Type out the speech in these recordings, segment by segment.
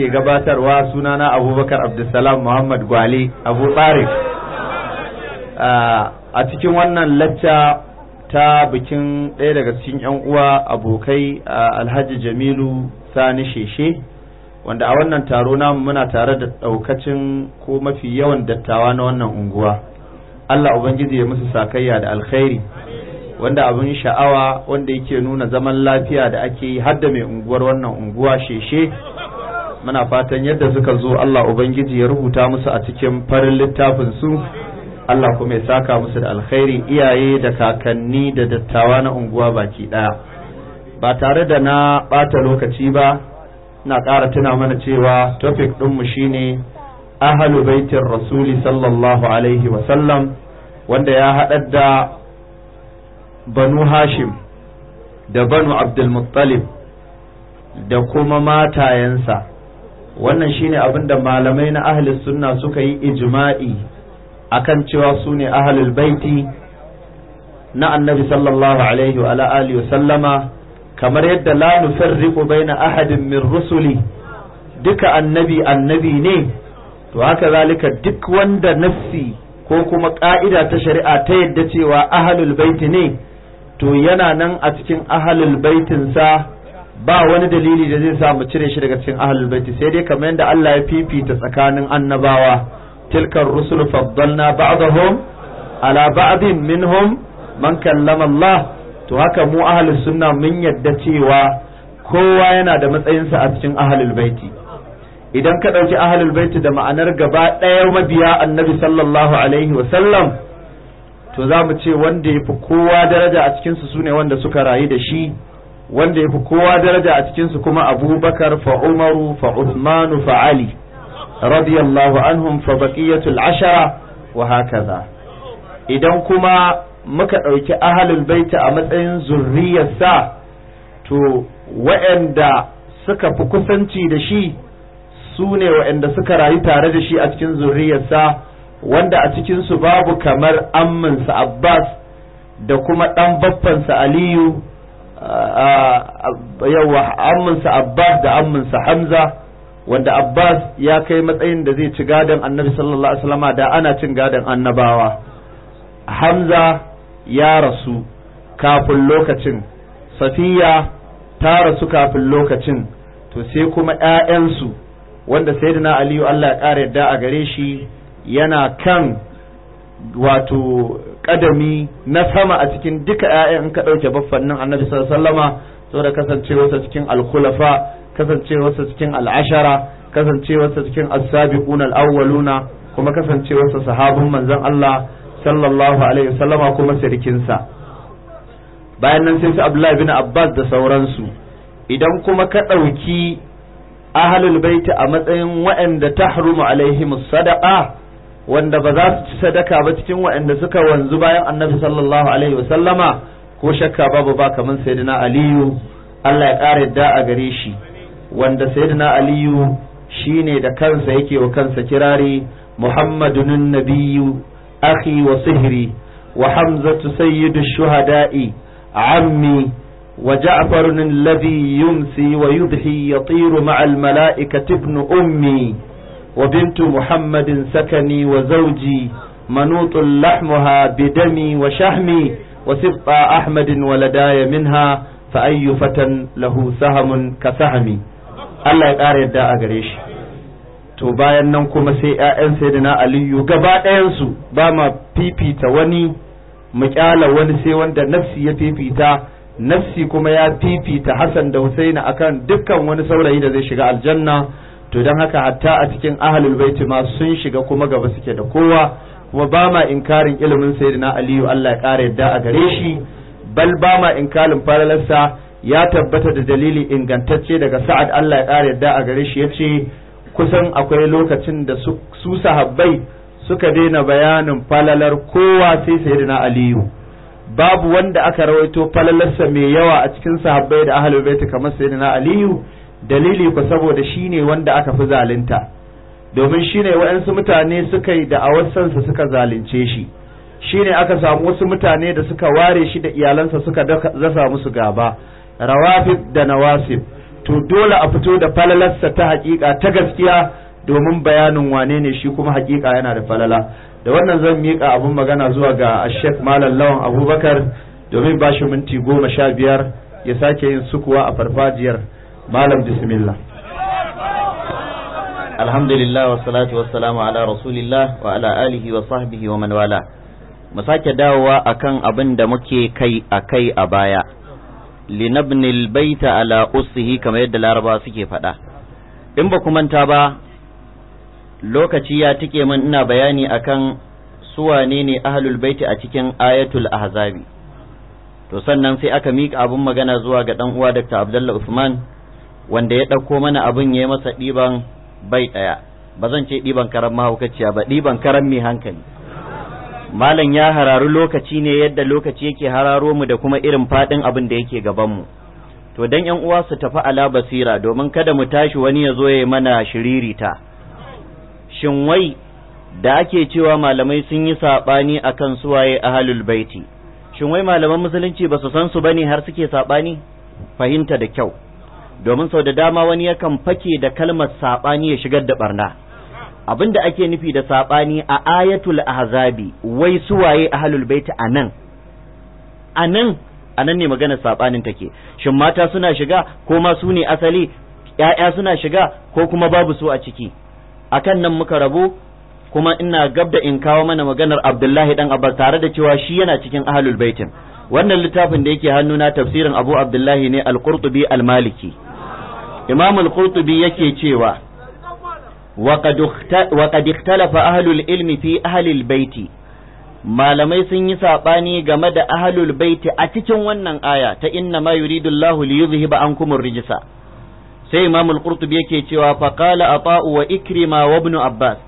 ke gabatarwa sunana abubakar abdulsalam muhammad gwale abu tsari a cikin wannan lacca ta bikin ɗaya daga cikin 'yan uwa abokai a alhaji jamilu sani sheshe wanda a wannan taro namu muna tare da ɗaukacin ko mafi yawan dattawa na wannan unguwa allah ubangiji ya musu sakayya da alkhairi wanda abin sha'awa wanda yake nuna zaman lafiya da ake yi har da mai unguwar wannan unguwa sheshe muna fatan yadda suka zo Allah ubangiji ya rubuta musu a cikin farin littafin su Allah kuma ya saka musu da alkhairi iyaye da kakanni da dattawa na unguwa baki daya ba tare da na bata lokaci ba na ƙara tuna mana cewa topic ɗinmu shine ahlul baitin rasuli sallallahu alaihi wa sallam wanda ya haɗar da banu hashim da banu abdulmuttalib da kuma matayensa wannan shine abin da malamai na ahlus sunna suka yi ijma'i akan cewa su ne ahlul baiti na annabi sallallahu alaihi wa alihi wa sallama kamar yadda la nufarriqu baina ahadin min rusuli duka annabi annabi ne to haka zalika duk wanda nafsi ko kuma ka'ida ta shari'a ta yadda cewa ahlul baiti ne to yana nan a cikin ahlul baitin sa ba wani dalili da zai sa mu cire shi daga cikin ahlul baiti sai dai kamar yadda Allah ya fifita tsakanin annabawa tilkar rusul faddalna ba'dahum ala ba'din minhum man kallama Allah to haka mu ahlus sunna mun yadda cewa kowa yana da matsayinsa a cikin ahlul baiti idan ka ɗauki ahlul baiti da ma'anar gaba ɗaya mabiya annabi sallallahu alaihi wa sallam to za mu ce wanda ya kowa daraja a cikinsu su sune wanda suka rayu da shi wanda ya fi kowa daraja a cikinsu kuma abubakar fa umaru fa usmanu fa ali radiyallahu anhum fa baqiyatul ashara wa hakaza idan kuma muka ɗauki ahalul baita a matsayin zurriyarsa to waɗanda suka fi kusanci da shi su ne waɗanda suka rayu tare da shi a cikin zurriyarsa wanda a cikinsu babu kamar amminsa abbas da kuma ɗan baffansa aliyu yawa amminsa Abbas da amminsa Hamza wanda Abbas ya kai matsayin da zai ci gadon annabi sallallahu alaihi wasallama da ana cin gadon annabawa Hamza ya rasu kafin lokacin Safiya ta rasu kafin lokacin to sai kuma ‘ya'yansu wanda sayyidina Aliyu Allah ya ƙara yadda a gare shi yana kan wato kadami na sama a cikin duka yayan ka ɗauke baffannin annabi sallallahu alaihi wasallama saboda cikin al-khulafa kasancewarsa cikin al-ashara kasancewarsa cikin as-sabiquna al-awwaluna kuma sahabin manzon Allah sallallahu alaihi wasallama kuma sa. bayan nan sai su Abdullahi bin Abbas da sauransu idan kuma ka ɗauki ahlul baiti a matsayin waɗanda ta haramu sadaqa wanda ba za su ci sadaka ba cikin waɗanda suka wanzu bayan annabi sallallahu alaihi ko shakka babu ba kamar sayyidina aliyu Allah ya ƙara yadda a gare shi wanda sayyidina aliyu shine da kansa yake wa kansa kirari muhammadun nabiyyu akhi wa sihri wa hamzatu sayyidu shuhada'i ammi wa ja'farun alladhi yumsi wa yudhi yatiru ma'al mala'ikati ibn ummi وبنت محمد سكني وزوجي منوط لحمها بدمي وشحمي وسبط أحمد ولداي منها فأي فتى له سهم كسهمي الله يقاري الداء قريش to bayan nan kuma sai ‘ya'yan sayyidina aliyu gaba ɗayansu ba ma fifita wani mukyala wani sai wanda nafsi ya fifita nafsi kuma ya fifita hassan da husaina akan dukkan wani saurayi da zai shiga aljanna to don haka hatta a cikin ahlul baiti ma sun shiga kuma gaba suke da kowa kuma ba ma inkarin ilimin sayyidina aliyu Allah ya ƙara yadda a gare shi bal ba ma inkarin falalarsa ya tabbata da dalili ingantacce daga sa'ad Allah ya ƙara yadda a gare shi ya ce kusan akwai lokacin da su sahabbai suka daina bayanin falalar kowa sai sayyidina aliyu babu wanda aka rawaito falalarsa mai yawa a cikin sahabbai da ahlul baiti kamar sayyidina aliyu dalili ku saboda shi wanda aka fi zalunta domin shi ne waɗansu mutane suka yi da'awar sansa suka zalunce shi shine aka samu wasu mutane da suka ware shi da iyalansa suka zasa musu gaba rawafid da nawasib to dole a fito da falalarsa ta hakika ta gaskiya domin bayanin wane ne shi kuma hakika yana da falala da wannan zan miƙa abun magana zuwa ga Sheikh Malam Lawan Abubakar domin bashi minti goma sha biyar ya sake yin sukuwa a farfajiyar malam bismillah alhamdulillah wa salatu wa salamu ala rasulillah wa ala alihi wa sahbihi wa man wala mu sake dawowa akan abin da muke kai a kai a baya linabnil baita ala ushi kamar yadda laraba suke faɗa in ba ku manta ba lokaci ya tike min ina bayani akan suwane ne ahlul baiti a cikin ayatul ahzabi to sannan sai aka miƙa abin magana zuwa ga dan uwa Dr. abdullahi Usman wanda ya ɗauko mana abin ya yi masa ɗiban bai ɗaya ba zan ce ɗiban karan mahaukaciya ba ɗiban karan mai hankali malam ya hararu lokaci ne yadda lokaci yake hararo mu da kuma irin faɗin abin da yake gaban mu. to dan yan uwa su tafi ala basira domin kada mu tashi wani ya zo ya yi mana shiririta shin wai da ake cewa malamai sun yi saɓani kan suwaye ahalul baiti shin wai malaman musulunci ba su san su bane har suke saɓani fahimta da kyau domin sau da dama wani yakan fake da kalmar saɓani ya shigar da barna abinda ake nufi da saɓani a ayatul ahzabi wai suwaye ahlul baiti a nan a ne maganar saɓanin take shin mata suna shiga ko ma su ne asali ‘ya'ya suna shiga ko kuma babu su a ciki akan nan muka rabu kuma ina gab da in kawo mana maganar Abdullahi dan Abbas tare da cewa shi yana cikin ahlul baitin wannan littafin da yake hannuna tafsirin Abu Abdullahi ne Al-Qurtubi Al-Maliki imam al-qurtubi yake cewa wa qad ikhtalafa ahlul ilmi fi ahlil baiti malamai sun yi saɓani game da ahlul baiti a cikin wannan aya ta inna ma yuridu Allahu li yuzhiba ankum rijsa sai Imam al-Qurtubi yake cewa fa qala Ata'u wa Ikrima wa Ibn Abbas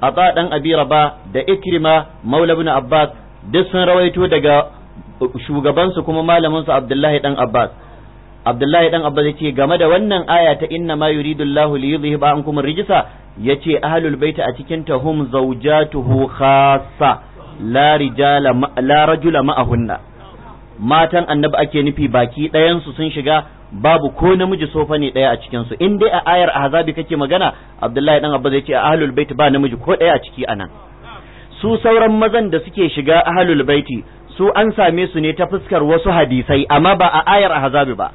Ata dan Abi da Ikrima Maula Ibn Abbas duk sun rawaito daga shugabansu kuma malamin su Abdullahi dan Abbas Abdullahi dan Abba yace game da wannan aya ta inna ma yuridullahu Allahu li yudhhiba ankum rijsa yace ahlul baiti a cikin tahum zawjatuhu khassa la rijala la rajula ma'ahunna matan annabi ake nufi baki ɗayan su sun shiga babu ko namiji sofa ne ɗaya a cikin su in dai a ayar ahzabi kake magana Abdullahi dan Abba yace ahlul baiti ba namiji ko ɗaya a ciki anan su sauran mazan da suke shiga ahlul baiti su an same su ne ta fuskar wasu hadisai amma ba a ayar ahzabi ba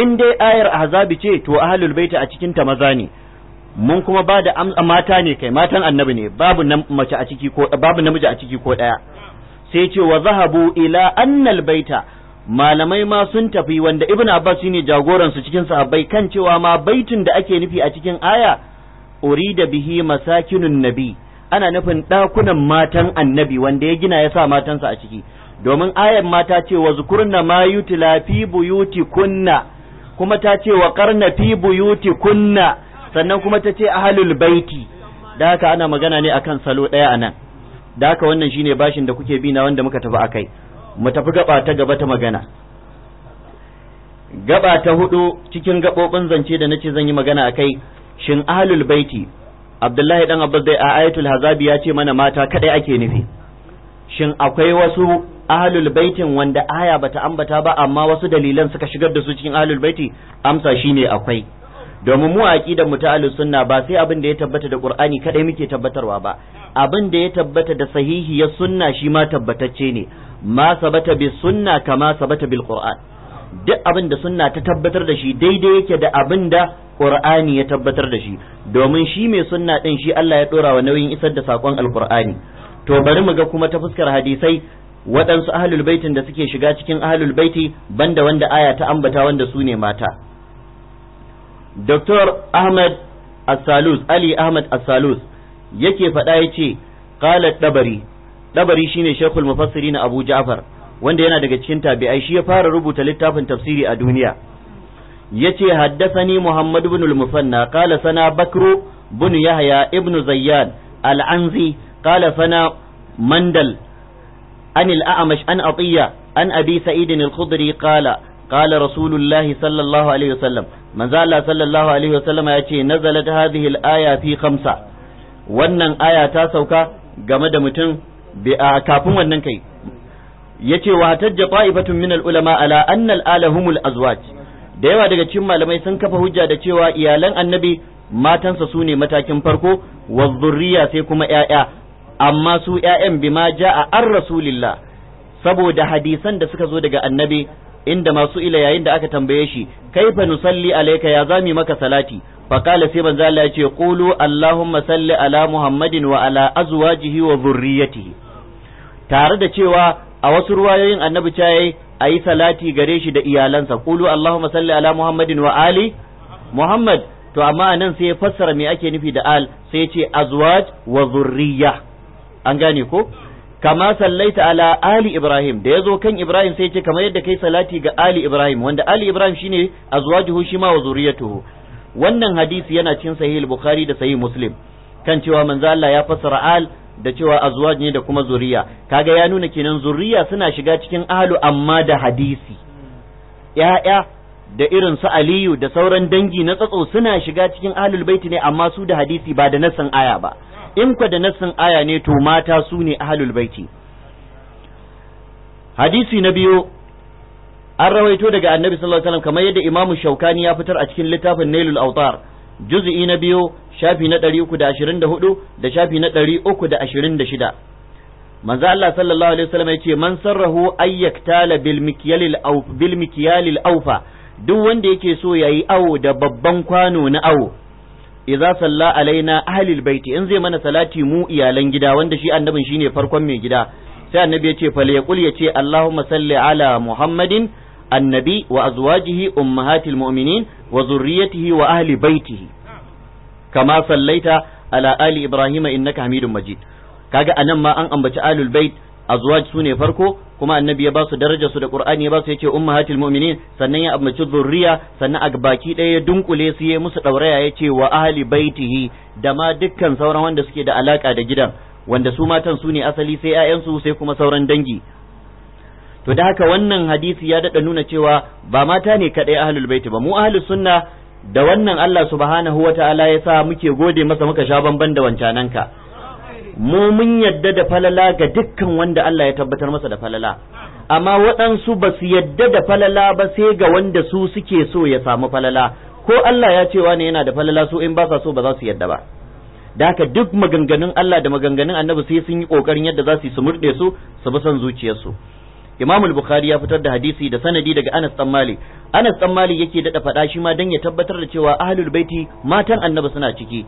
in dai ayar azabi ce to ahlul baiti a cikin ta maza ne mun kuma ba da mata ne kai matan annabi ne babu mace a ciki ko babu namiji a ciki ko daya sai ce wa zahabu ila annal baita malamai ma sun tafi wanda ibnu abbas shine jagoran su cikin sahabbai kan cewa ma baitin da ake nufi a cikin aya urida bihi masakinun nabi ana nufin dakunan matan annabi wanda ya gina ya sa matansa a ciki domin ayar mata ce wa zukurna ma yutila fi buyuti kunna kuma ta ce wa karna fi buyuti kunna sannan kuma ta ce ahlul baiti da haka ana magana ne akan salo ɗaya anan da haka wannan shine bashin da kuke bi na wanda muka tafi akai mu tafi gaba ta gaba ta magana gaba ta hudu cikin gaɓoɓin zance da nace zan yi magana akai shin ahlul baiti Abdullahi dan Abbas dai a ayatul hazabi ya ce mana mata kadai ake nufi shin akwai wasu ahlul baitin wanda aya bata ambata ba amma wasu dalilan suka shigar da su cikin ahlul baiti amsa shine akwai domin mu aqidar mu ta ahlus sunna ba sai abin da ya tabbata da qur'ani kadai muke tabbatarwa ba abin da ya tabbata da sahihi ya sunna shi ma tabbatacce ne ma sabata bi sunna kama sabata bil qur'an duk abin da sunna ta tabbatar da shi daidai yake da abin da qur'ani ya tabbatar da shi domin shi mai sunna din shi Allah ya dora wa nauyin isar da sakon alqur'ani to bari mu ga kuma ta fuskar hadisai waɗansu ahlul baitin da suke shiga cikin ahlul baiti banda wanda aya ta ambata wanda su ne mata Dr. Ahmad As-Salus Ali Ahmad As-Salus yake faɗa yace qala dabari dabari shine shekul na Abu Ja'far wanda yana daga cikin tabi'ai shi ya fara rubuta littafin tafsiri a duniya yace haddathani Muhammad ibn al-Musanna qala sana Bakru bin Yahya ibn Zayyad al-Anzi قال ثنا مندل عن الأعمش عن أطية عن أبي سعيد الخضري قال قال رسول الله صلى الله عليه وسلم من زال صلى الله عليه وسلم يأتي نزلت هذه الآية في خمسة wannan aya ta sauka game da mutum kafin wannan kai yace wa hatajja ta'ifatun min ulama ala anna al-ala azwaj da yawa daga cikin malamai sun kafa hujja da cewa iyalan annabi matansa su ne matakin farko wa zurriya sai kuma ‘ya'ya amma su ƴaƴan bima a ar rasulillah saboda hadisan da suka zo daga annabi inda masu ila yayin da aka tambaye shi kai fa nusalli alayka ya zami maka salati fa kala sai manzo Allah ya ce qulu allahumma salli ala muhammadin wa ala azwajihi wa dhurriyyatihi tare da cewa a wasu ruwayoyin annabi ta yi ayi salati gare shi da iyalansa qulu allahumma salli ala muhammadin wa ali muhammad to amma nan sai ya fassara me ake nufi da al sai ya ce azwaj wa dhurriyyah an gane ko kama sallaita ala ali ibrahim da yazo kan ibrahim sai ce kamar yadda kai salati ga ali ibrahim wanda ali ibrahim shine azwajuhu shi ma wa zuriyatuhu wannan hadisi yana cikin sahih bukhari da sahih muslim kan cewa manzo Allah ya fassara al da cewa azwaj ne da kuma zuriya kaga ya nuna kenan zuriya suna shiga cikin ahlu amma da hadisi ya'ya da irin su aliyu da sauran dangi na tsatso suna shiga cikin ahlul baiti ne amma su da hadisi ba da nassan aya ba in kwa da nassin aya ne to mata su ne ahlul baiti hadisi na biyu an rawaito daga annabi sallallahu alaihi wasallam kamar yadda imamu shaukani ya fitar a cikin littafin nailul autar juz'i na biyu shafi na 324 da shafi na 326 manzo Allah sallallahu alaihi wasallam yace man sarrahu ayyaktala bil mikyalil aw bil mikyalil awfa duk wanda yake so yayi awo da babban kwano na awo idza salla alaina ahlil baiti in zai mana salati mu iyalan gida wanda shi annabin shine farkon mai gida sai annabi yace fal yaqul yace allahumma salli ala muhammadin annabi wa azwajihi ummahatil mu'minin wa zurriyyatihi wa ahli baitihi kama sallaita ala ali ibrahima innaka hamidum majid kaga anan ma an ambaci ahlul bait azwaj sune farko kuma annabi ya ba su daraja su da qur'ani ya ba su yace ummahatil mu'minin sannan ya ambaci zurriya sannan a baki daya ya dunkule su ya musu dauraya yace wa ahli baitihi da ma dukkan sauran wanda suke da alaka da gidan wanda su matan su ne asali sai su sai kuma sauran dangi to da haka wannan hadisi ya dada nuna cewa ba mata ne kadai ahlul baiti ba mu ahlus sunna da wannan Allah subhanahu wataala ya sa muke gode masa muka sha bamban da wancananka mu mun yadda da falala ga dukkan wanda Allah ya tabbatar masa da falala amma waɗansu ba su yadda da falala ba sai ga wanda su suke so ya samu falala ko Allah ya cewa ne yana da falala su in ba sa so ba za su yadda ba da haka duk maganganun Allah da maganganun Annabi sai sun yi kokarin yadda za su su murde su su bi son zuciyarsu Imam bukhari ya fitar da hadisi da sanadi daga Anas dan Malik. Anas dan Malik yake dada faɗa shi ma dan ya tabbatar da cewa ahlul baiti matan Annabi suna ciki.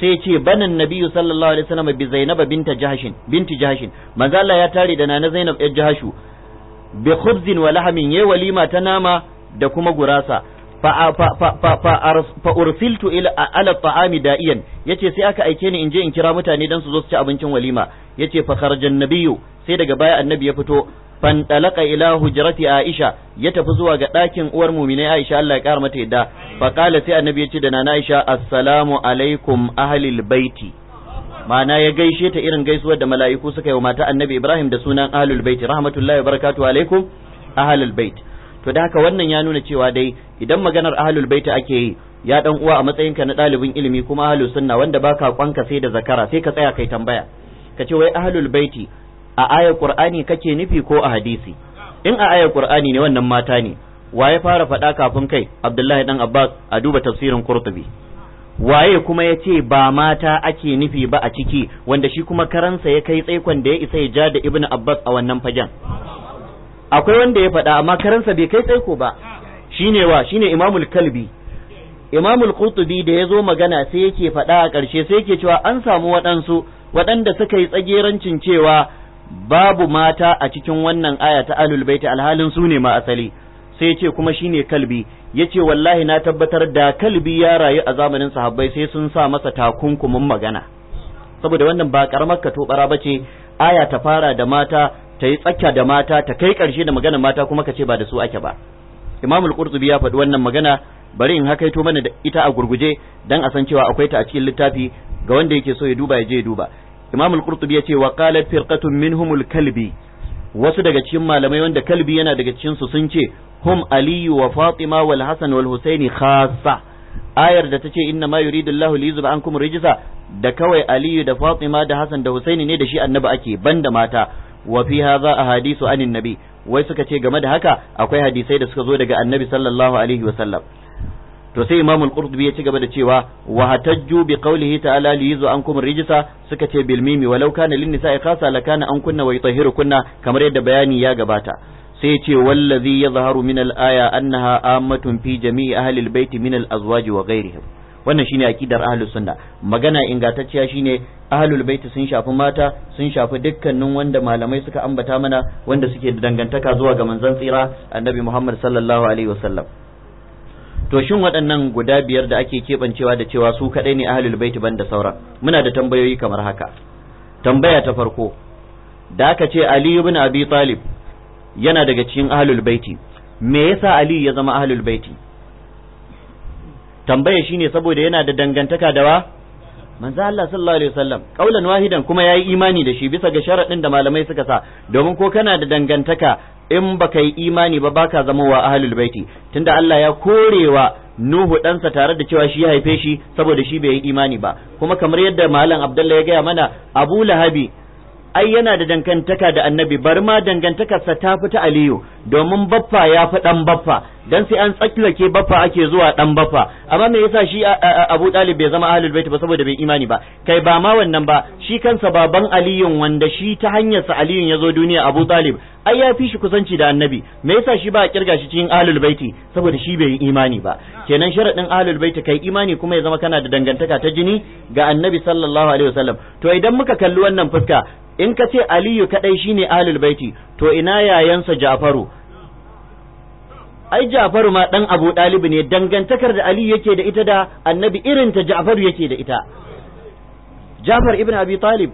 sai ce banan Nabiyu sallallahu alaihi wasallam bi zainab binta jahshin binti jahshin manzo Allah ya tare da nana zainab yar jahshu bi khubzin wa lahamin yayi walima ta nama da kuma gurasa fa ursiltu ila ala ta'ami da'iyan yace sai aka aike ni in je in kira mutane dan su zo su ci abincin walima yace fa kharajan nabiyyu sai daga baya annabi ya fito fantalaka ila hujrati aisha ya tafi zuwa ga dakin uwar muminai aisha Allah ya kara mata yadda fa qala sai annabi ya ce da nana aisha assalamu alaikum ahlil baiti ma'ana ya gaishe ta irin gaisuwar da mala'iku suka yi wa mata annabi Ibrahim da sunan ahlul baiti rahmatullahi barakatu alaikum ahlul bait to da haka wannan ya nuna cewa dai idan maganar ahlul baiti ake yi ya dan uwa a matsayin ka na ɗalibin ilimi kuma ahlus sunna wanda baka kwanka sai da zakara sai ka tsaya kai tambaya ka ce wai ahlul baiti a ayar qur'ani kake nufi ko a hadisi in a ayar qur'ani ne wannan mata ne waye fara faɗa kafin kai abdullahi dan abbas a duba tafsirin qurtubi waye kuma ya ce ba mata ake nufi ba a ciki wanda shi kuma karansa ya kai tsaikon da ya isa ya ja da ibn abbas a wannan fagen akwai wanda ya faɗa amma karansa bai kai tsaiko ba shine wa shine imamul kalbi imamul qurtubi da ya zo magana sai yake faɗa a ƙarshe sai yake cewa an samu waɗansu waɗanda suka yi tsagerancin cewa babu mata a cikin wannan aya ta ahlul baiti alhalin su ne ma asali sai yace kuma shine kalbi yace wallahi na tabbatar da kalbi ya rayu a zamanin sahabbai sai sun sa masa takunkumin magana saboda wannan ba karamar ka tobara bace aya ta fara da mata ta yi tsakya da mata ta kai karshe da magana mata kuma ka ce ba da su ake ba imamul qurtubi ya faɗi wannan magana bari in haka hakaito mana da ita a gurguje dan a san cewa akwai ta a cikin littafi ga wanda yake so ya duba ya je ya duba imam al-qurtubi yace wa qalat firqatun minhumul kalbi wasu daga cikin malamai wanda kalbi yana daga cikin su sun ce hum aliyu wa fatima wal hasan wal husaini khassa ayar da tace inna ma yuridu allah li yuzba ankum rijsa da kawai aliyu da fatima da hasan da husaini ne da shi annabi ake banda mata wa fi hadha ahadisu anin nabi wai suka ce game da haka akwai hadisai da suka zo daga annabi sallallahu alaihi wa sallam to sai imam al-qurtubi ya ci gaba da cewa wa hatajju bi qawlihi ta'ala li yuzu ankum rijsa suka ce bil mimi walau kana lin nisa'i khasa lakana an kunna wa yutahhirukunna kamar yadda bayani ya gabata sai ce wallazi yadhharu min al-aya annaha ammatun fi jami'i ahli al-bait min al-azwaj wa ghayrihim wannan shine akidar ahlus sunna magana ingantacciya shine ahlul bait sun shafi mata sun shafi dukkanin wanda malamai suka ambata mana wanda suke da dangantaka zuwa ga manzon tsira annabi Muhammad sallallahu alaihi wasallam to shin waɗannan guda biyar da ake keɓancewa da cewa su kaɗai ne ahlul baiti ban da sauran muna da tambayoyi kamar haka tambaya ta farko da aka ce ali ibn abi talib yana daga cikin ahlul baiti me yasa ali ya zama ahlul baiti tambaya shine saboda yana da dangantaka da wa manzo Allah sallallahu alaihi wasallam kaulan wahidan kuma yayi imani da shi bisa ga sharadin da malamai suka sa domin ko kana da dangantaka in baka yi imani ba baka zama wa ahlul baiti tunda Allah ya korewa Nuhu ɗansa tare da cewa shi ya haife shi saboda shi bai yi imani ba kuma kamar yadda malam Abdullah ya gaya mana Abu Lahabi ai yana da dangantaka da annabi bari ma dangantakarsa ta fita aliyu domin baffa ya fi dan baffa dan sai an tsakilake baffa ake zuwa dan baffa amma me yasa shi Abu dalib bai zama ahlul bait ba saboda bai imani ba kai ba ma wannan ba shi kansa baban aliyun wanda shi ta hanyar sa aliyun yazo duniya Abu dalib ai ya fi shi kusanci da annabi me yasa shi ba a kirga shi cikin ahlul baiti saboda shi bai imani ba kenan sharadin ahlul baiti kai imani kuma ya zama kana da dangantaka ta jini ga annabi sallallahu alaihi wasallam to idan muka kalli wannan fuska in ka ce aliyu kadai shine ahlul baiti to ina yayansa jafaru ai jafaru ma dan abu dalibi ne dangantakar da aliyu yake da ita da annabi irin ta jafaru yake da ita jafar ibn abi talib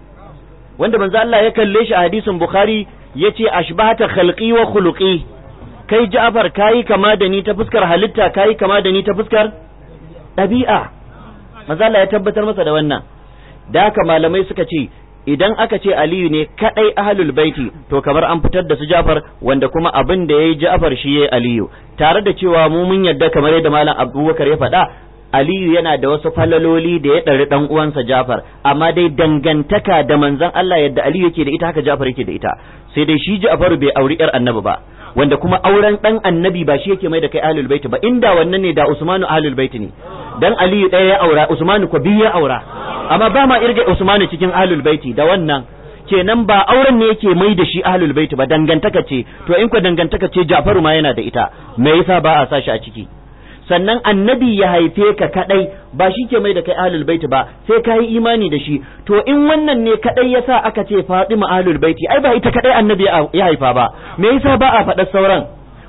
wanda manzo Allah ya kalle shi a hadisin bukhari yace ashbahata khalqi wa khuluqi kai jafar kayi kama da ni ta fuskar halitta kayi kama da ni ta fuskar ɗabi'a manzo Allah ya tabbatar masa da wannan da haka malamai suka ce idan aka ce aliyu ne kadai ahlul baiti to kamar an fitar da su jafar wanda kuma abin da yayi jafar shi yayi aliyu tare da cewa mu mun yadda kamar yadda malam abubakar ya faɗa aliyu yana da wasu falaloli da ya ɗari ɗan uwansa jafar amma dai dangantaka da manzon Allah yadda aliyu yake da ita haka jafar yake da ita sai dai shi jafaru bai auri yar annabi ba wanda kuma auren dan annabi ba shi yake mai da kai ahlul ba ba inda wannan ne da usmanu ahlul ne dan aliyu ɗaya ya aura usmanu ko biyu ya aura amma ba ma irga usmanu cikin ahlul da wannan kenan ba auren ne yake mai da shi ahlul ba dangantaka ce to in ko dangantaka ce jafaru ma yana da ita me yasa ba a sashi a ciki sannan annabi ya haife ka kadai ba shi ke mai da kai ahlul baiti ba sai ka yi imani da shi to in wannan ne kadai ya sa aka ce Fatima ahlul baiti ai ba ita kadai annabi ya haifa ba me yasa ba a faɗar sauran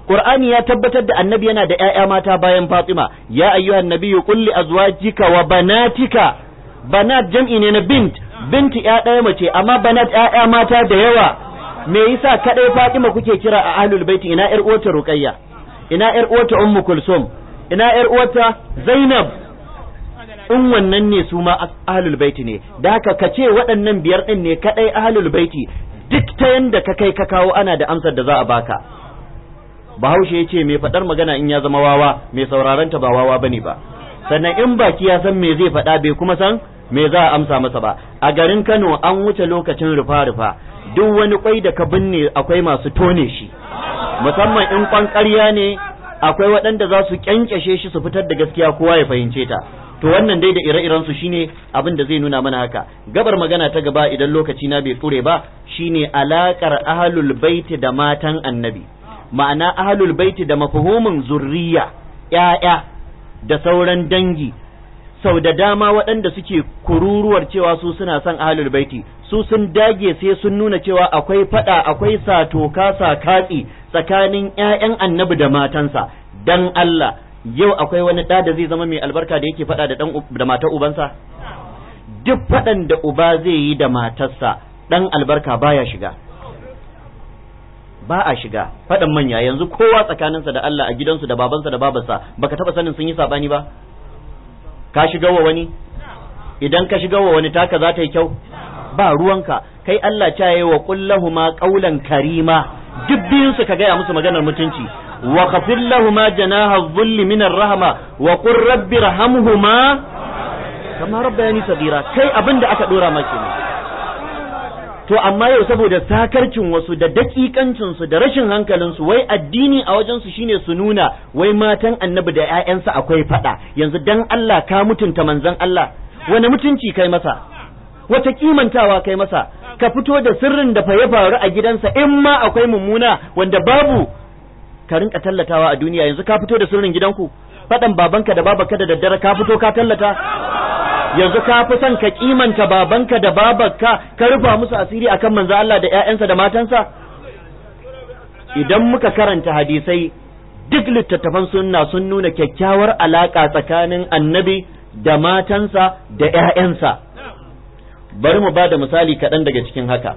Qur'ani ya tabbatar da annabi yana da ƴaƴa mata bayan Fatima ya ayyuhan nabiyyu qul li azwajika wa banatika banat jam'i ne na bint binti ya ɗaya mace amma banat ƴaƴa mata da yawa me yasa kadai Fatima kuke kira a ahlul baiti ina ƴar ta Ruqayya ina ƴar ta Ummu Kulsum ina yar uwarta Zainab in wannan ne su ma ahlul baiti ne da haka ka ce waɗannan biyar ɗin ne kaɗai ahlul baiti duk ta yanda ka kai ka kawo ana da amsar da za a baka bahaushe ya ce mai faɗar magana in ya zama wawa mai ta ba wawa bane ba sannan in baki ya san me zai faɗa bai kuma san me za a amsa masa ba a garin Kano an wuce lokacin rufa-rufa duk wani kwai da ka binne akwai masu tone shi musamman in kwan ƙarya ne akwai waɗanda za su kyankyashe shi su fitar da gaskiya kowa ya fahimce ta to wannan dai da ire-iren su shine abin da zai nuna mana haka gabar magana ta gaba idan lokaci na bai tsure ba shine alakar ahlul baiti da matan annabi ma'ana ahlul baiti da mafhumin zurriya ya'ya da sauran dangi sau da dama waɗanda suke kururuwar cewa su suna son ahlul baiti su sun dage sai sun nuna cewa akwai fada akwai satoka katsi tsakanin ƴaƴan annabi da matansa dan Allah yau akwai wani ɗa da zai zama mai albarka da yake faɗa da dan da matar ubansa duk faɗan da uba zai yi da matarsa ɗan albarka baya shiga ba a shiga faɗan manya yanzu kowa tsakaninsa da Allah a gidansu da babansa da babarsa baka taɓa sanin sun yi saɓani ba ka shiga wa wani idan ka shiga wa wani taka za ta yi kyau ba ruwanka kai Allah ta yi wa kullahuma qaulan karima duk su ka gaya musu maganar mutunci wa khafir lahumu janaha dhulli min rahma wa qur rabbi rahamhuma kama rabbayani sabira kai abinda aka dora maki to amma yau saboda sakarcin wasu da dakikancin da rashin hankalin su wai addini a wajensu shine su nuna wai matan annabi da ƴaƴansa akwai fada yanzu dan Allah ka mutunta manzon Allah wani mutunci kai masa wata kimantawa kai masa ka fito da sirrin da fa ya faru a gidansa in ma akwai mummuna wanda babu ka rinka tallatawa a duniya yanzu ka fito da sirrin gidanku faɗan babanka da babanka da daddare ka fito ka tallata yanzu ka fi son ka kimanta babanka da babanka ka rufa musu asiri akan manzo Allah da ƴaƴansa da matansa idan muka karanta hadisai duk littattafan sunna sun nuna kyakkyawar alaka tsakanin annabi da matansa da ƴaƴansa bari mu ba da misali kaɗan daga cikin haka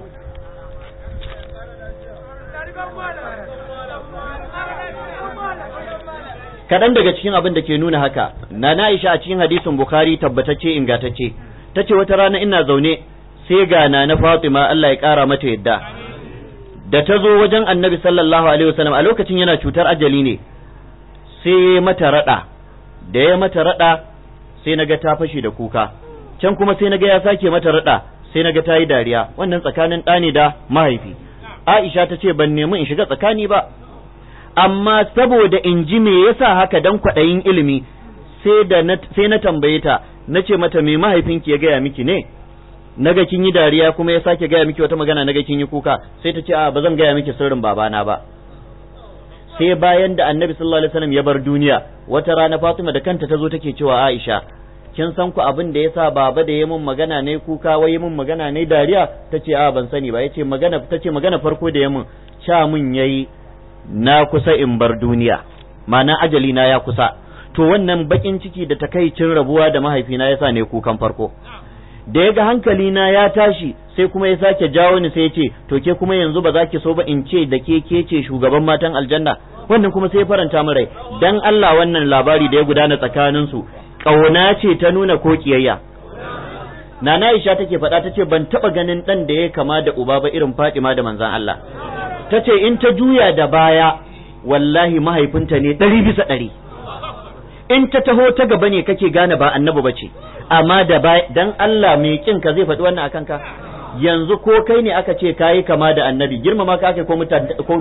kaɗan daga cikin abin da ke nuna haka na Aisha a cikin hadisin Bukhari tabbatacce ingatacce ta ce wata rana ina zaune sai ga na na Fatima Allah ya ƙara mata yadda da ta zo wajen annabi sallallahu alaihi wasallam a lokacin yana cutar ajali ne sai mata raɗa da ya mata raɗa sai na ga ta fashe da kuka can kuma sai naga ya sake mata rada sai naga tayi dariya wannan tsakanin ɗa ne da mahaifi Aisha ta ce ban nemi in shiga tsakani ba amma saboda in ji me yasa haka dan kwaɗayin ilimi sai da sai na tambaye ta nace mata me mahaifinki ya gaya miki ne naga kin yi dariya kuma ya sake gaya miki wata magana naga kin yi kuka sai ta ce a ba zan gaya miki sirrin babana ba sai bayan da annabi sallallahu alaihi wasallam ya bar duniya wata rana Fatima da kanta ta zo take cewa Aisha kin san ku abin da yasa baba da yayin magana ne kuka wai yayin magana ne dariya tace a ban sani ba yace magana tace magana farko da yayin sha mun yayi na kusa in bar duniya ma'ana ajali na ya kusa to wannan bakin ciki da takaicin rabuwa da mahaifina yasa ne kukan farko da ya ga hankali na ya tashi sai kuma ya sake jawo ni sai ya ce to ke kuma yanzu ba za ki so ba in ce da ke ke ce shugaban matan aljanna wannan kuma sai ya faranta mun rai dan Allah wannan labari da ya gudana tsakanin su ƙauna ce ta nuna ko kiyayya Nana Aisha take faɗa tace ban taɓa ganin ɗan da ya kama da uba ba irin Fatima da manzon Allah. Tace in ta juya da baya wallahi mahaifinta ne ɗari bisa ɗari. In ta taho ta gaba ne kake gane ba annabi ba ce, amma da baya dan Allah mai kin ka zai faɗi wannan akan ka. Yanzu ko kai ne aka ce kayi kama da annabi girmama ka ake ko mutan ko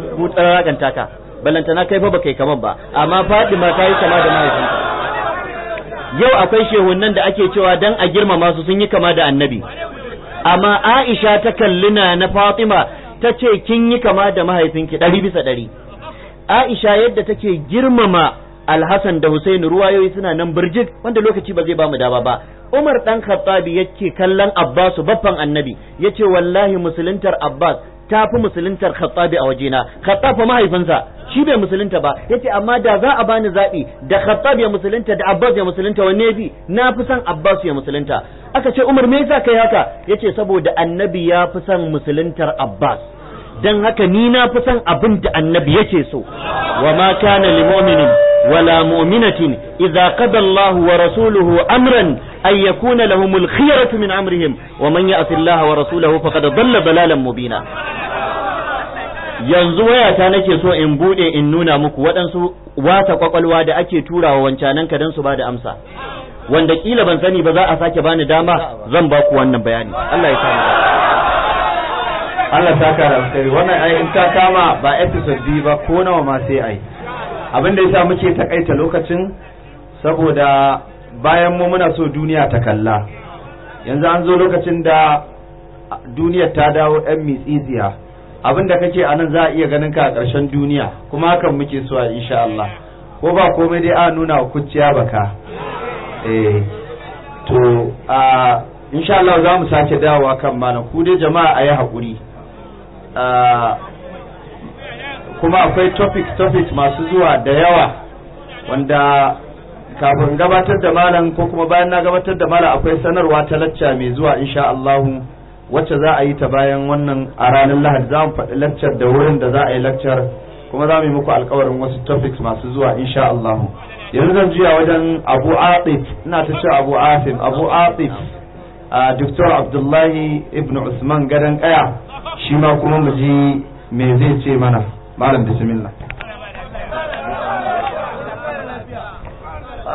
ka. Balantana kai fa ba kai kaman ba, amma Fatima ta yi kama da mahaifinta. yau akwai shehunan da ake cewa dan a girmama su sun yi kama da annabi amma Aisha ta kallina na Fatima ta ce kin yi kama da mahaifinki ɗari bisa ɗari Aisha yadda take girmama Alhassan da Hussein ruwayoyi suna nan birjik wanda lokaci ba zai bamu mu dama ba Umar dan Khattabi yake kallon Abbas baffan Annabi yace wallahi musuluntar Abbas ta fi musuluntar khattabi a wajena khattab mahaifinsa shi bai musulunta ba yace amma da za a bani zabi da khattab ya musulunta da abbas ya musulunta wanne bi na fi son abbas ya musulunta aka ce umar me yasa kai haka yace saboda annabi ya fi son musuluntar abbas dan haka ni na fi son abin da annabi yake so wa ma kana lil mu'minin wala mu'minatin idza qada Allahu wa rasuluhu amran ay yakuna lahumul khiyaratu min amrihim wa man ya'si Allah wa rasulahu faqad dhalla dalalan mubina yanzu wayata nake so in bude in nuna muku waɗansu wasa kwakwalwa da ake turawa wancanan dan su ba da amsa wanda kila ban sani ba za a sake bani dama zan ba ku wannan bayani Allah ya samu Allah ta kara alkhairi wannan ai in ta kama ba episode biyu ba ko nawa ma sai ai abin da yasa muke takaita lokacin saboda bayan mu muna so duniya ta kalla yanzu an zo lokacin da duniya ta dawo ɗan mitsitsiya abin da kake a nan za a iya ganin ka a ƙarshen duniya kuma hakan muke so a insha Allah ko ba komai dai a nuna wa kuciya baka eh to a insha Allah za mu sake dawowa kan malam ku dai jama'a a yi haƙuri Uh, kuma akwai topic topic masu zuwa da yawa wanda kafin gabatar da malam ko kuma bayan na gabatar da malam akwai sanarwa ta lacca mai zuwa insha Allah wacce za a yi ta bayan wannan a ranar Lahadi za mu faɗi laccar da wurin da za a yi laccar kuma za mu yi muku alkawarin wasu topics masu zuwa insha Allah yanzu zan juya wajen Abu Atif ina ta ce Abu Atif Abu Atif a Dr. Abdullahi Ibn Usman gadan kaya shi ma kuma mu ji me zai ce mana malam bismillah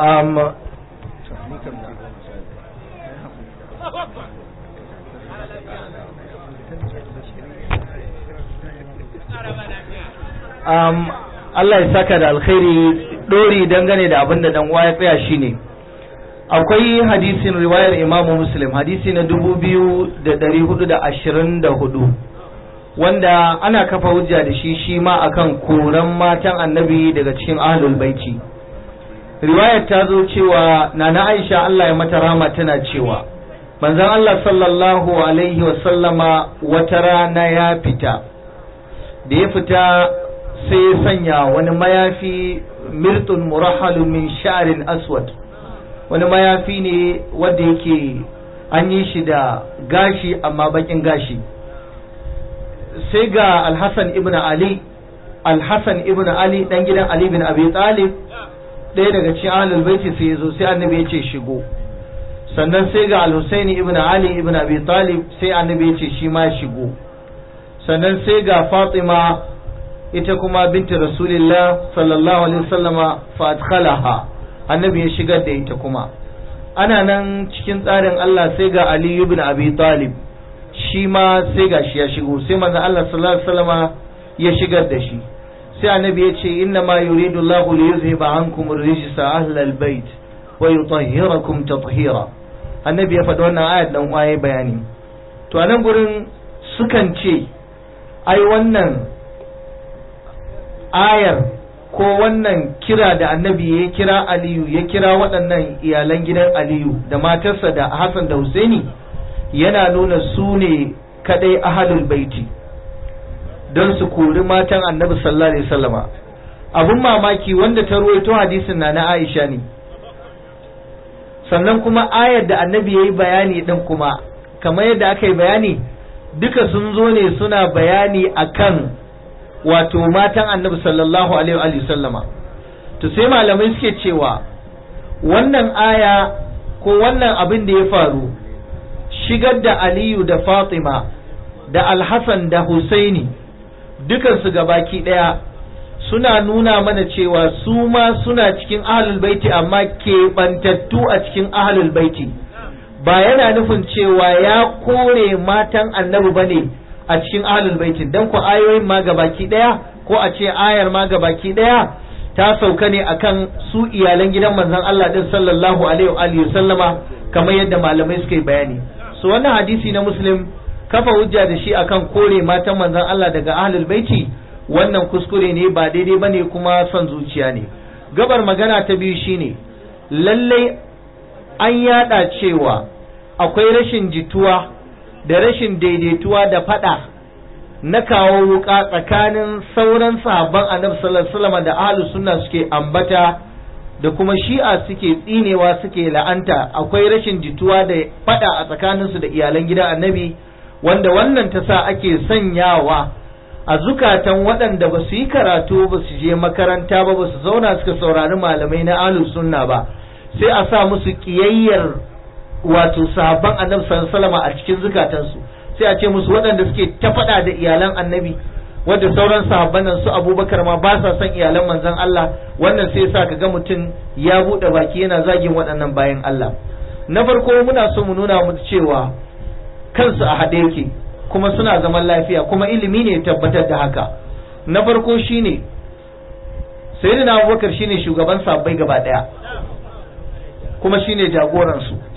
um, Allah ya saka da alkhairi dori dangane da abin da dan uwa ya tsaya shine akwai hadisin riwayar imamu muslim hadisi na dubu biyu da dari hudu da ashirin da hudu wanda ana kafa hujja da shi shi ma akan koran matan annabi daga cikin ahlul baiti riwayar ta zo cewa na aisha allah ya mata rama tana cewa manzan allah sallallahu alaihi wasallama wata rana ya fita da ya fita sai ya sanya wani mayafi mirtun murahalu min sha'rin aswad wani mayafi ne wadda yake an yi shi da gashi amma bakin gashi sai ga alhassan ibn ali alhassan ibn ali dan gidan ali bin abi talib ɗaya daga cikin ahlul baiti sai ya zo sai annabi ya ce shigo sannan sai ga al-husayn ibn ali ibn abi talib sai annabi ya ce shi ma shigo sannan sai ga fatima ita kuma binti rasulillah sallallahu alaihi wasallama fa adkhalaha annabi ya shigar da ita kuma ana nan cikin tsarin Allah sai ga Ali ibn Abi Talib shi ma sai ga shi ya shigo sai manzo Allah sallallahu alaihi wasallama ya shigar da shi sai annabi ya ce inna ma yuridu Allah li yuzhiba ankum ar-rijsa ahlal bait wa yutahhirakum tatheera annabi ya faɗi wannan ayat dan waye bayani to a nan gurin sukan ce ai wannan ayar ko wannan kira da annabi ya kira aliyu ya kira waɗannan iyalan gidan aliyu da matarsa da hassan da husaini yana nuna su ne kadai ahalul baiti don su kori matan annabi sallallahu alaihi wasallama abun mamaki wanda ta ruwaito hadisin na na aisha ne sannan kuma ayar da annabi yayi yi bayani din kuma kamar yadda aka yi bayani duka sun zo ne suna bayani akan wato matan annabi sallallahu alaihi wa sallama to sai malamai suke cewa wannan aya ko wannan abin da ya faru shigar da aliyu da fatima da alhassan da husaini dukansu gabaki daya suna nuna mana cewa su ma suna cikin ahlul baiti amma keɓantattu a cikin ahlul baiti ba yana nufin cewa ya kore matan annabi bane a cikin ahlul baitin dan ku ayoyin ma gabaki daya ko a ce ayar ma gabaki daya ta sauka ne akan su iyalan gidan manzon Allah din sallallahu alaihi wa sallama kamar yadda malamai suka yi bayani so wannan hadisi na muslim kafa hujja da shi akan kore matan manzon Allah daga ahlul baiti wannan kuskure ne ba daidai bane kuma son zuciya ne gabar magana ta biyu shine lallai an yada cewa akwai rashin jituwa da rashin daidaituwa da fada na kawo wuka tsakanin sauran sahabban annabi sallallahu alaihi da ahlus sunna suke ambata da kuma shi'a suke tsinewa suke la'anta akwai rashin jituwa da fada a tsakaninsu da iyalan gidan annabi wanda wannan ta sa ake sanyawa a zukatan waɗanda ba su yi karatu ba su je makaranta ba ba su zauna suka saurari malamai na ahlus sunna ba sai a sa musu ƙiyayyar wato sahabban annabi sallallahu a cikin zukatansu sai a ce musu waɗanda suke ta faɗa da iyalan annabi wanda sauran sahabban nan su abubakar ma ba sa son iyalan manzon Allah wannan sai sa ga mutum ya buɗe baki yana zagin waɗannan bayan Allah na farko muna so mu nuna mu cewa kansu a haɗe yake kuma suna zaman lafiya kuma ilimi ne tabbatar da haka na farko shine sayyidina abubakar shine shugaban sabbai gaba ɗaya kuma shine jagoransu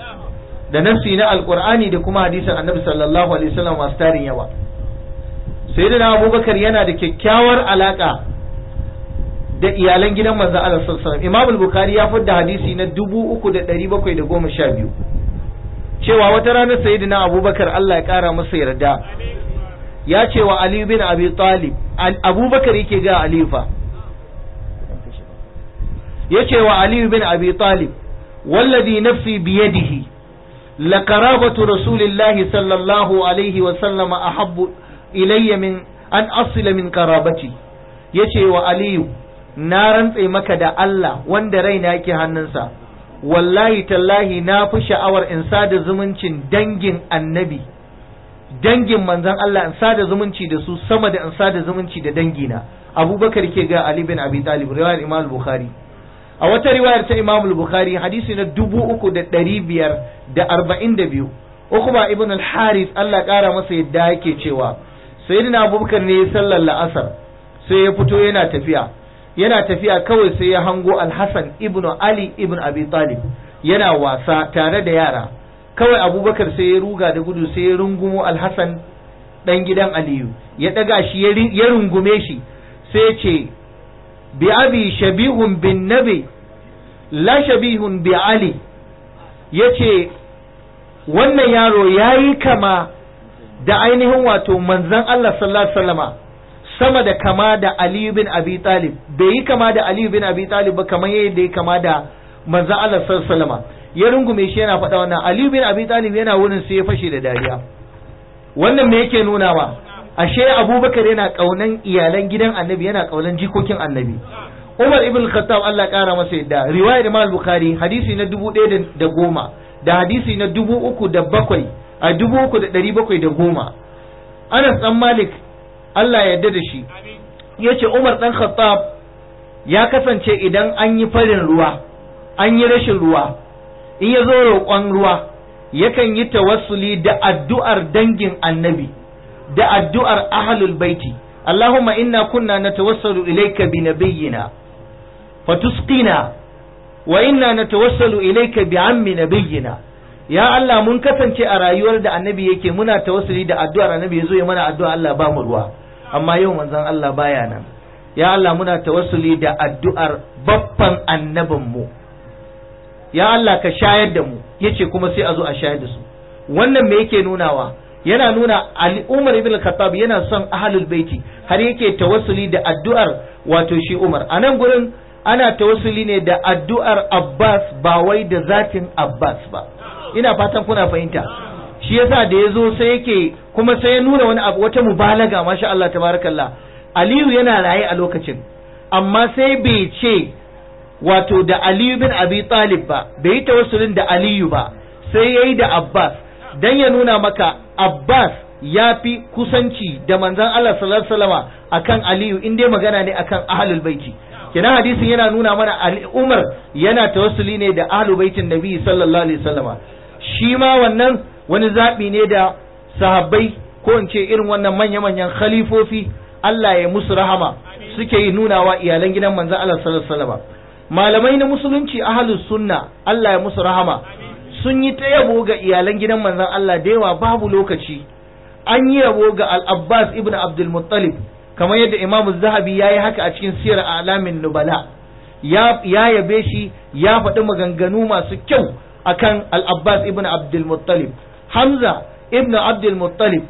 da nafsi na alkur'ani da kuma hadisin annabi sallallahu alaihi wasallam masu tarin yawa sayyidina abubakar yana da kyakkyawar alaka da iyalan gidan manzo Allah sallallahu alaihi wasallam imam bukhari ya fadda hadisi na 3712 cewa wata rana sayyidina abubakar Allah ya kara masa yarda ya ce wa Ali bin Abi Talib Abubakar yake ga Alifa ya ce wa Ali bin Abi Talib wallazi nafsi biyadihi لقرابة رسول الله صلى الله عليه وسلم أحب إلي من أن أصل من قرابتي يشي وعلي نارا في مكة الله وان درينا يكي هننسا والله تالله نافش أور إنساد زمنشن دنجن النبي dangin manzon Allah in sada zumunci da su sama da in sada zumunci da dangina abubakar ke ga ali bin abi talib riwayar imam bukhari a wata riwayar ta imam bukhari hadisi na dubu uku da ɗari biyar da arba'in da biyu ukuba ibn al-haris Allah ƙara masa yadda yake cewa na abubakar ne sallar la'asar sai ya fito yana tafiya yana tafiya kawai sai ya hango al-hasan ibn ali ibn abi talib yana wasa tare da yara kawai abubakar sai ya ruga da gudu sai ya rungumo al-hasan dan gidan aliyu ya daga shi ya rungume shi sai ce bi abi shabihun bin nabi la shabihun bi ali ya ce wannan yaro ya yi kama da ainihin wato manzan Allah sallallahu alaihi wasallama sama da kama da Ali bin Abi Talib bai yi kama da Ali bin Abi Talib ba kamar yadda ya kama da manzan Allah sallallahu alaihi wasallama ya rungume shi yana faɗa wannan Ali bin Abi Talib yana wurin sai ya fashe da dariya wannan me yake nunawa ashe Abubakar yana ƙaunan iyalan gidan Annabi yana kaunan jikokin Annabi Umar ibn Khattab Allah kara masa yadda riwaya da Imam Bukhari hadisi na dubu ɗaya da goma da hadisi na dubu uku da bakwai a dubu uku da ɗari bakwai da goma Anas dan Malik Allah ya yarda da shi Ya ce Umar dan Khattab ya kasance idan an yi farin ruwa an yi rashin ruwa in ya zo roƙon ruwa yakan yi tawassuli da addu'ar dangin annabi da addu'ar ahlul baiti Allahumma inna kunna natawassalu ilayka bi fatusqina wa inna natawassalu ilayka bi ammi nabiyyina ya Allah mun kasance a rayuwar da annabi yake muna tawassuli da addu'ar annabi yazo ya mana addu'a Allah ba mu ruwa amma yau manzan Allah baya nan ya Allah muna tawassuli da addu'ar babban annabinmu ya Allah ka shayar da mu yace kuma sai a zo a shayar da su wannan me yake nunawa yana nuna Ali Umar ibn Khattab yana son ahlul baiti har yake tawassuli da addu'ar wato shi Umar a nan gurin ana tawassuli ne da addu'ar Abbas ba wai da zatin Abbas ba ina fatan kuna fahimta shi yasa da ya zo sai yake kuma sai ya nuna wani abu wata mubalaga masha Allah tabarakallah Aliyu yana raye a lokacin amma sai bai ce wato da Aliyu bin Abi Talib ba bai yi tawassulin da Aliyu ba sai yayi da Abbas dan ya nuna maka Abbas ya fi kusanci da manzan Allah sallallahu alaihi akan Aliyu in dai magana ne akan ahlul baiti kenan hadisin yana nuna mana Umar yana tawassuli ne da alubaitin baitin nabi sallallahu alaihi wasallama shi ma wannan wani zabi ne da sahabbai ko in ce irin wannan manya-manyan khalifofi Allah ya musu rahama suke yi nunawa iyalan gidan manzon Allah sallallahu alaihi wasallama malamai na musulunci ahlus sunna Allah ya musu rahama sun yi ta yabo ga iyalan gidan manzon Allah da yawa babu lokaci an yi yabo ga al-Abbas ibn Abdul Muttalib kamar yadda imamu zahabi ya yi haka a cikin siyar alamin nubala ya yabe shi ya faɗi maganganu masu kyau akan al-abbas ibn abdulmuttalib hamza ibn abdulmuttalib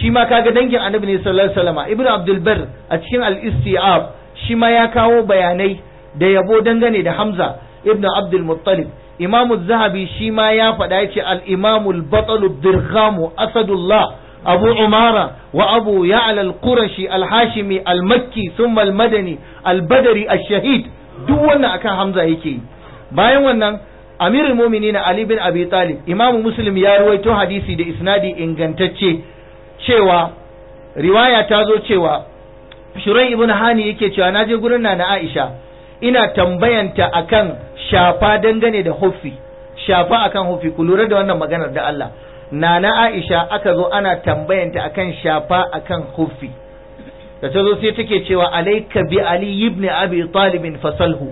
shi ma kaga dangin annabi ne sallallahu alaihi wasallam ibn abdulbar a cikin al-istiab shi ma ya kawo bayanai da yabo dangane da hamza ibn abdulmuttalib imamu zahabi shi ma ya faɗa ya ce al-imamul batalu dirhamu asadullah Abu alal أبو عمارة وأبو يعلى القرشي الحاشمي المكي ثم المدني البدري الشهيد دون أكا حمزة هيكي bayan wannan amirul muminin ali bin abi talib imamu muslim ya ruwaito hadisi da isnadi ingantacce cewa riwaya ta zo cewa shurai ibn hani yake cewa na je gurin na na aisha ina tambayanta akan shafa dangane da huffi shafa akan huffi ku lura da wannan maganar da Allah nana Aisha aka zo ana tambayanta akan shafa akan kufi da ta zo sai take cewa alaika bi Ali ibn Abi Talib fasalhu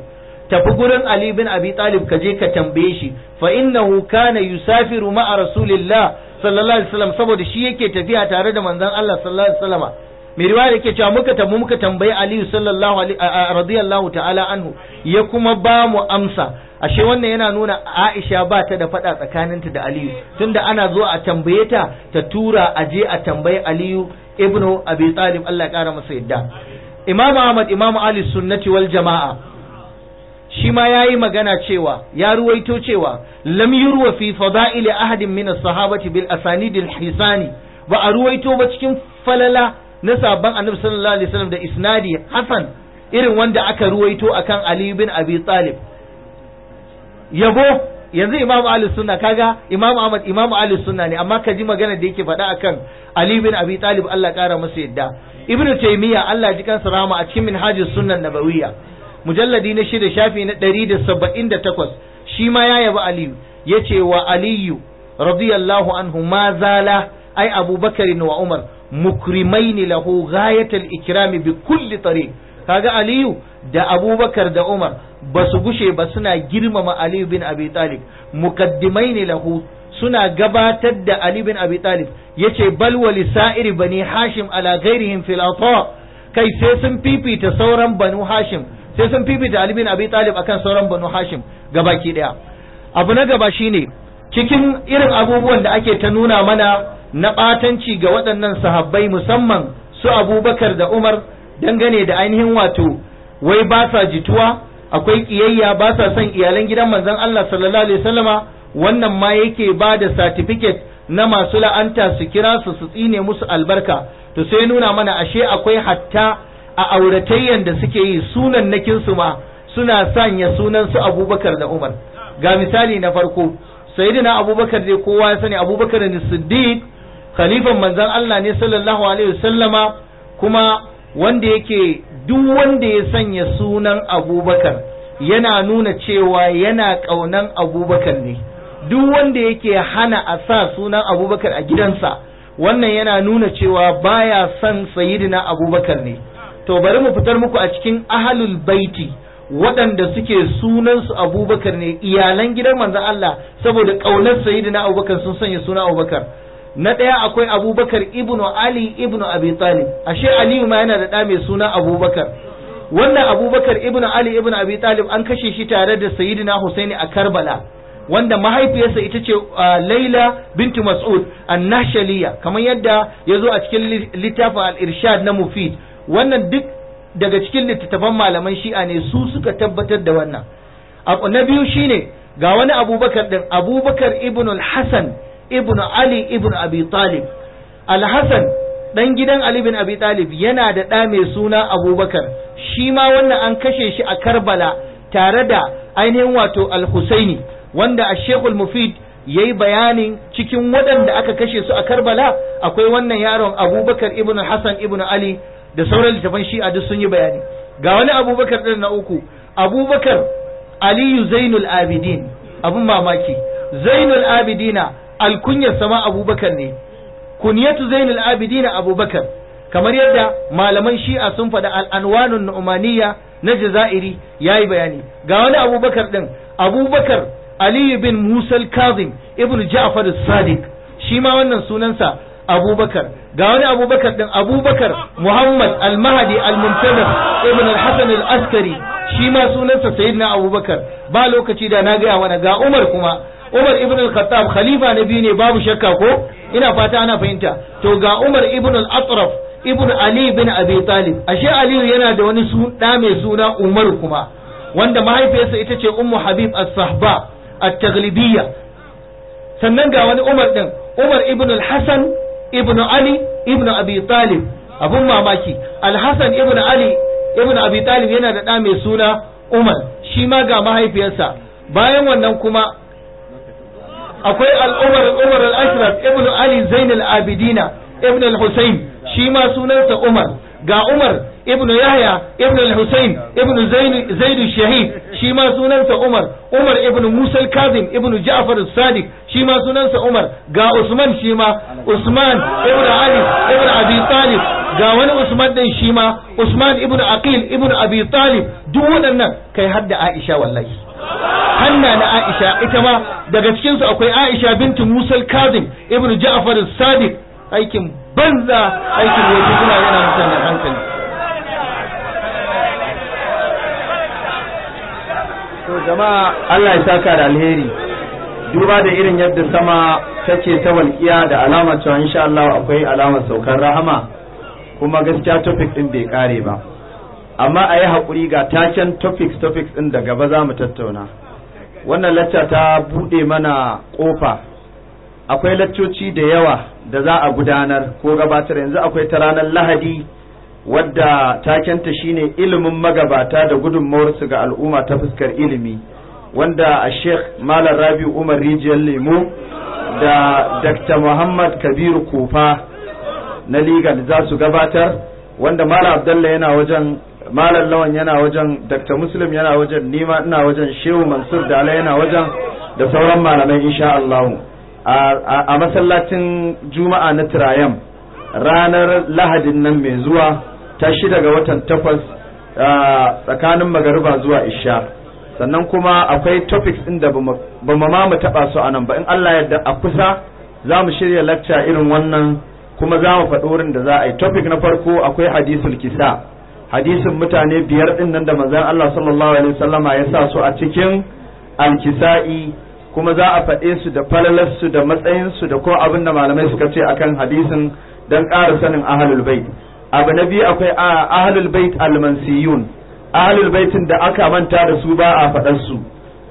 tafi gurin Ali Ibn Abi Talib ka je ka tambaye shi fa innahu kana yusafiru ma'a Rasulillah sallallahu alaihi wasallam saboda shi yake tafiya tare da manzon Allah sallallahu alaihi wasallama mai riwaya ke cewa muka tabu muka tambayi aliyu sallallahu radiyallahu ta'ala anhu ya kuma ba mu amsa ashe wannan yana nuna aisha ba ta da faɗa tsakaninta da aliyu tunda ana zuwa a tambaye ta ta tura a je a tambayi aliyu ibnu abi talib Allah ya ƙara masa yadda imam ahmad imam ali sunnati wal jama'a shi ma yayi magana cewa ya ruwaito cewa lam yurwa fi fada'ili ahadin min as-sahabati bil asanidil hisani ba a ruwaito ba cikin falala na sabon annabi sallallahu alaihi wasallam da isnadi hasan irin wanda aka ruwaito akan ali bin abi talib yabo yanzu imamu ali sunna kaga imamu ahmad imamu ali sunna ne amma ka ji magana da yake faɗa akan ali bin abi talib Allah ƙara masa yadda ibnu taymiya Allah ji kansa rahama a cikin minhajus sunnan nabawiyya mujalladi na shida shafi na ɗari da saba'in da takwas shi ma ya yabi aliyu ya ce wa aliyu radiyallahu anhu ma zala ai abubakar wa umar mukrimaini lahu ghayatal ikrami bi kaga aliyu da abubakar da umar ba su ba suna girmama aliyu bin abi talib gabatar da ali bin abi talib yace bani hashim ala kai sai sun fifita sauran sun fifita ali bin abi talib akan sauran banu hashim gabaki daya abu na gaba shine cikin irin abubuwan da ake ta nuna mana na ɓatanci ga waɗannan sahabbai musamman su abubakar da umar dangane da ainihin wato wai ba sa jituwa akwai ƙiyayya ba sa son iyalan gidan manzan Allah sallallahu alaihi wasallama wannan ma yake ba da satifiket na masu la'anta su kira su su tsine musu albarka to sai nuna mana ashe akwai hatta a auratayyan da suke yi sunan su ma suna sanya sunan su abubakar da umar ga misali na farko sayyidina abubakar dai kowa ya sani abubakar ne siddiq khalifan manzon Allah ne sallallahu alaihi wasallama kuma wanda yake duk wanda ya sanya sunan abubakar yana nuna cewa yana ƙaunan abubakar ne duk wanda yake hana a sa sunan abubakar a gidansa wannan yana nuna cewa baya son sayidina abubakar ne to bari mu fitar muku a cikin ahalul baiti waɗanda suke sunansu abubakar ne iyalan gidan manzan Allah saboda ƙaunar sayidina abubakar sun sanya sunan abubakar na ɗaya akwai abubakar ibnu ali ibnu abi talib ashe aliyu ma yana da ɗa mai suna abubakar wannan abubakar ibnu ali ibnu abi talib an kashe shi tare da sayyidina husaini a karbala wanda mahaifiyarsa ita ce laila Bintu mas'ud annashaliya kamar yadda ya zo a cikin littafin al-irshad na mufid wannan duk daga cikin littattafan malaman shi'a ne su suka tabbatar da wannan na biyu shine ga wani abubakar din abubakar Ibnu al-hasan ibnu ali ibnu abi talib alhassan dan gidan ali bin abi talib yana da ɗa mai suna abubakar shi ma wannan an kashe shi a karbala tare da ainihin wato al-husaini wanda a shekul mufid ya yi bayanin cikin waɗanda aka kashe su a karbala akwai wannan yaron abubakar ibnu hassan ibnu ali da sauran littafan a duk sun yi bayani ga wani abubakar ɗin na uku abubakar aliyu zainul abidin abun mamaki zainul abidina alkunyar sama abubakar ne kunyatu zainul abidin abubakar kamar yadda malaman shi'a sun faɗa al'anwanun nu'maniya na jazairi yayi bayani ga wani abubakar ɗin abubakar aliyu bin musal kazim ibnu ja'far sadiq shi ma wannan sunansa abubakar ga wani abubakar ɗin abubakar muhammad al-mahdi al-muntazir ibn al-hasan al-askari shi ma sunansa sayyidina abubakar ba lokaci da na gaya mana ga umar kuma Umar ibn al-Khattab khalifa na biyu ne babu shakka ko ina fata ana fahimta to ga Umar ibn al-Atraf ibn Ali bin Abi Talib ashe Aliyu yana da wani da mai suna Umar kuma wanda mahaifiyarsa ita ce Ummu Habib as-Sahba at-Taghlibiyya sannan ga wani Umar din Umar ibn al-Hasan ibn Ali ibn Abi Talib abun mamaki al-Hasan ibn Ali ibn Abi Talib yana da da mai suna Umar shi ma ga mahaifiyarsa bayan wannan kuma akwai al'umar umar al-ashraf ibn ali zain al-abidina ibn al-husayn shi ma sunansa umar ga umar ibn yahya ibn al-husayn ibn zain zaid shahid shi ma sunansa umar umar ibn musa al-kazim ibn ja'far as-sadiq shi ma sunansa umar ga usman shi ma usman ibn ali ibn abi talib ga wani usman din shi ma usman ibn aqil ibn abi talib duk waɗannan kai hadda aisha wallahi hanna na Aisha ita ma daga cikin su akwai Aisha binti Musa Kazim ibnu Ja'far Sadiq aikin banza aikin waje suna yana mutane hankali to jama'a Allah ya saka da alheri duba da irin yadda sama take ta walƙiya da alamar cewa insha Allah akwai alamar saukar rahama kuma gaskiya topic din bai kare ba amma a yi haƙuri ga taken topics topics ɗin da gaba za mu tattauna wannan lacca ta buɗe mana ƙofa akwai laccoci da yawa da za a gudanar ko gabatar yanzu akwai ta ranar lahadi wadda takenta shine ilimin magabata da su ga al'umma ta fuskar ilimi wanda a sheikh malam rabi umar rijiyar lemo da dr muhammad kabiru kofa na ligal za su gabatar wanda malam Abdullahi yana wajen malam lawan yana wajen dr muslim yana wajen nima ina wajen shehu mansur da ala yana wajen da sauran malamai insha Allah a masallacin juma'a na tirayam ranar lahadin nan mai zuwa ta shi daga watan takwas tsakanin magariba zuwa isha sannan kuma akwai topics ɗin da ba ma mu taɓa su a nan ba in Allah yadda a kusa za mu shirya lecture irin wannan kuma za mu faɗi wurin da za a yi topic na farko akwai hadisul kisa hadisin mutane biyar din nan da manzon Allah sallallahu alaihi wasallama ya sa su a cikin alkisa'i kuma za a faɗe su da falalarsu da matsayinsu da ko abin da malamai suka ce akan hadisin dan ƙara sanin ahlul bait abu na biyu akwai ahlul bait almansiyun ahlul baitin da aka manta da su ba a faɗar su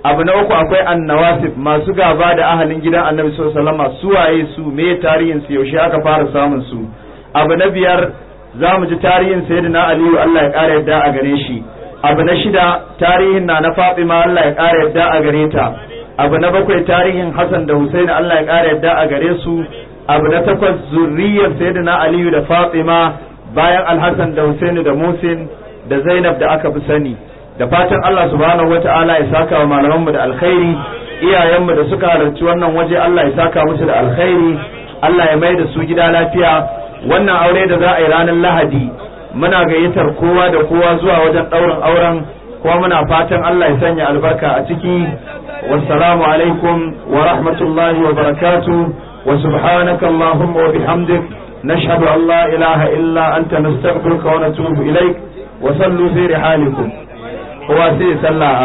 abu na uku akwai annawasif masu gaba da ahalin gidan annabi sallallahu alaihi wasallama su waye su me tarihin su yaushe aka fara samun su abu na biyar za mu ji tarihin sayyidina aliyu Allah ya ƙara yadda a gare shi abu na shida tarihin na na fatima Allah ya ƙara yadda a gare ta abu na bakwai tarihin Hassan da Hussein Allah ya ƙara yadda a gare su abu na takwas zurriyar sayyidina aliyu da fatima bayan alhassan da Hussein da musin da zainab da aka fi sani da fatan Allah subhanahu wata'ala ya saka wa malamanmu da alkhairi iyayenmu da suka halarci wannan waje Allah ya saka musu da alkhairi Allah ya mai da su gida lafiya wannan aure da za a yi ranar lahadi muna gayyatar kowa da kowa zuwa wajen ɗaurin auren kuma muna fatan Allah ya sanya albarka a ciki wassalamu alaikum wa rahmatullahi wa barakatu wa subhanaka allahumma wa bihamdik nashhadu an la ilaha illa anta nastaghfiruka wa natubu ilaik wa sallu fi rihalikum kowa sai sallah